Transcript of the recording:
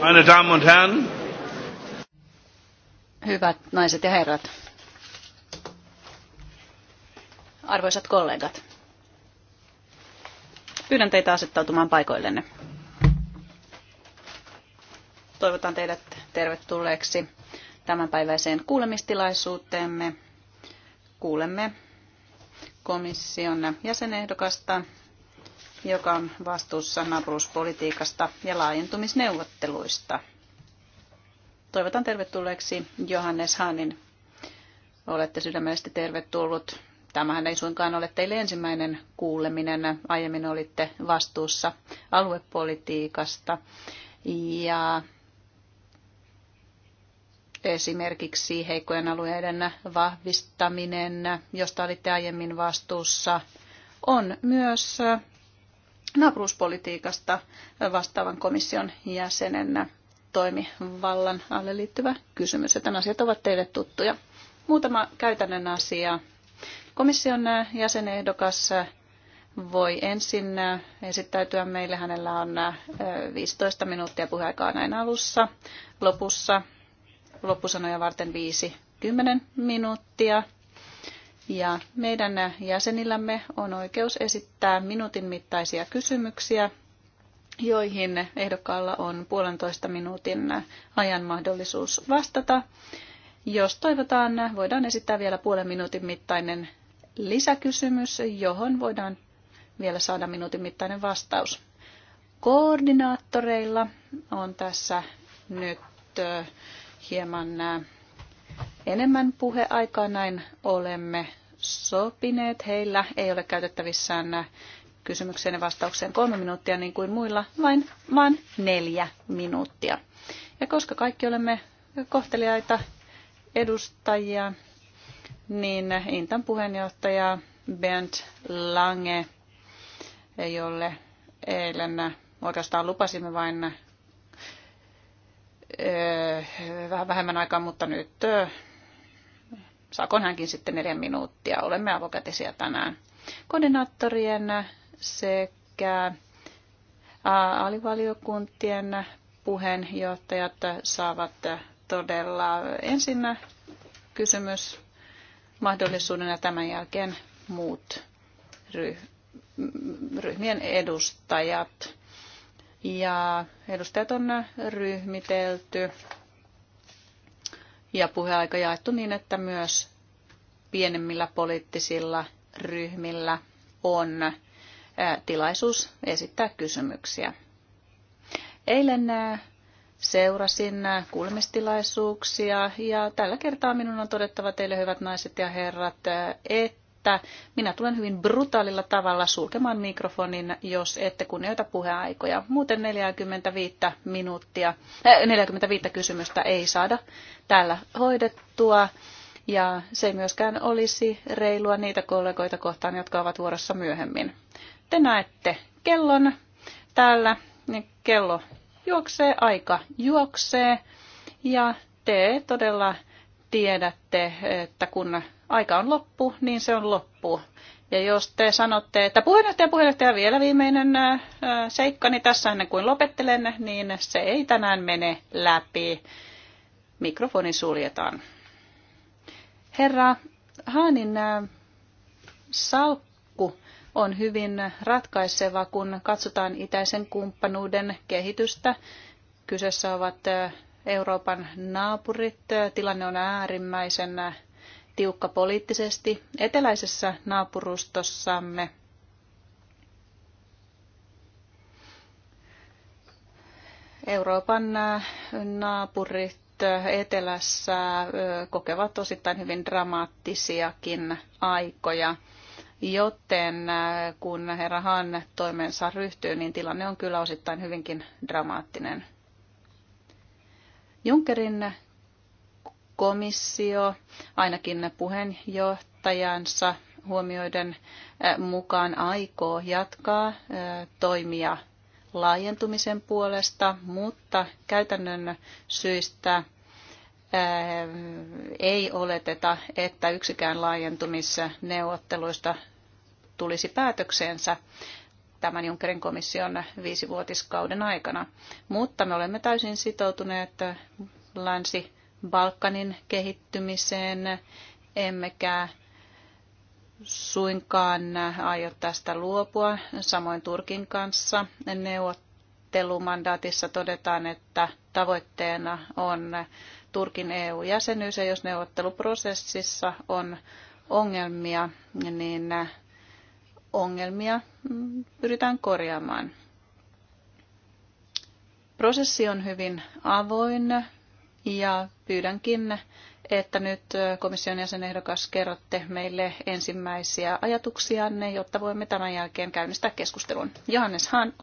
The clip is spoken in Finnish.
Meine Damen und Herren. Hyvät naiset ja herrat. Arvoisat kollegat. Pyydän teitä asettautumaan paikoillenne. Toivotan teidät tervetulleeksi tämänpäiväiseen kuulemistilaisuuteemme. Kuulemme komission jäsenehdokasta joka on vastuussa naapuruuspolitiikasta ja laajentumisneuvotteluista. Toivotan tervetulleeksi Johannes Hanin. Olette sydämellisesti tervetullut. Tämähän ei suinkaan ole teille ensimmäinen kuuleminen. Aiemmin olitte vastuussa aluepolitiikasta ja esimerkiksi heikkojen alueiden vahvistaminen, josta olitte aiemmin vastuussa, on myös naapuruuspolitiikasta vastaavan komission jäsenenä toimivallan alle liittyvä kysymys. Ja tämän asiat ovat teille tuttuja. Muutama käytännön asia. Komission jäsenehdokas voi ensin esittäytyä meille. Hänellä on 15 minuuttia puheaikaa näin alussa. Lopussa loppusanoja varten 5-10 minuuttia. Ja meidän jäsenillämme on oikeus esittää minuutin mittaisia kysymyksiä, joihin ehdokkaalla on puolentoista minuutin ajan mahdollisuus vastata. Jos toivotaan, voidaan esittää vielä puolen minuutin mittainen lisäkysymys, johon voidaan vielä saada minuutin mittainen vastaus. Koordinaattoreilla on tässä nyt hieman enemmän puheaikaa, näin olemme sopineet. Heillä ei ole käytettävissään kysymykseen ja vastaukseen kolme minuuttia niin kuin muilla, vain, vain neljä minuuttia. Ja koska kaikki olemme kohteliaita edustajia, niin Intan puheenjohtaja Bernd Lange, jolle eilen oikeastaan lupasimme vain öö, vähän vähemmän aikaa, mutta nyt öö, sakon hänkin sitten neljä minuuttia. Olemme avokätisiä tänään. Koordinaattorien sekä alivaliokuntien puheenjohtajat saavat todella ensin kysymys mahdollisuuden ja tämän jälkeen muut ryhmien edustajat. Ja edustajat on ryhmitelty ja puheaika jaettu niin, että myös pienemmillä poliittisilla ryhmillä on tilaisuus esittää kysymyksiä. Eilen seurasin kuulemistilaisuuksia ja tällä kertaa minun on todettava teille hyvät naiset ja herrat, että että minä tulen hyvin brutaalilla tavalla sulkemaan mikrofonin, jos ette kunnioita puheaikoja. Muuten 45, minuuttia, äh, 45 kysymystä ei saada täällä hoidettua. Ja se ei myöskään olisi reilua niitä kollegoita kohtaan, jotka ovat vuorossa myöhemmin. Te näette kellon täällä, kello juoksee, aika juoksee ja te todella tiedätte, että kun aika on loppu, niin se on loppu. Ja jos te sanotte, että puheenjohtaja, puheenjohtaja, vielä viimeinen äh, äh, seikkani tässä ennen kuin lopettelen, niin se ei tänään mene läpi. Mikrofoni suljetaan. Herra Haanin äh, salkku on hyvin ratkaiseva, kun katsotaan itäisen kumppanuuden kehitystä. Kyseessä ovat Euroopan naapurit. Tilanne on äärimmäisen tiukka poliittisesti eteläisessä naapurustossamme. Euroopan äh, naapurit äh, etelässä äh, kokevat osittain hyvin dramaattisiakin aikoja, joten kun herra Han toimensa ryhtyy, niin tilanne on kyllä osittain hyvinkin dramaattinen. Junckerin komissio ainakin puheenjohtajansa huomioiden eh, mukaan aikoo jatkaa eh, toimia laajentumisen puolesta, mutta käytännön syistä eh, ei oleteta, että yksikään laajentumisneuvotteluista tulisi päätöksensä tämän Junckerin komission viisivuotiskauden aikana. Mutta me olemme täysin sitoutuneet länsi Balkanin kehittymiseen, emmekä suinkaan aio tästä luopua. Samoin Turkin kanssa neuvottelumandaatissa todetaan, että tavoitteena on Turkin EU-jäsenyys ja jos neuvotteluprosessissa on ongelmia, niin ongelmia pyritään korjaamaan. Prosessi on hyvin avoin ja pyydänkin, että nyt komission jäsenehdokas kerrotte meille ensimmäisiä ajatuksianne, jotta voimme tämän jälkeen käynnistää keskustelun. Johannes Hahn,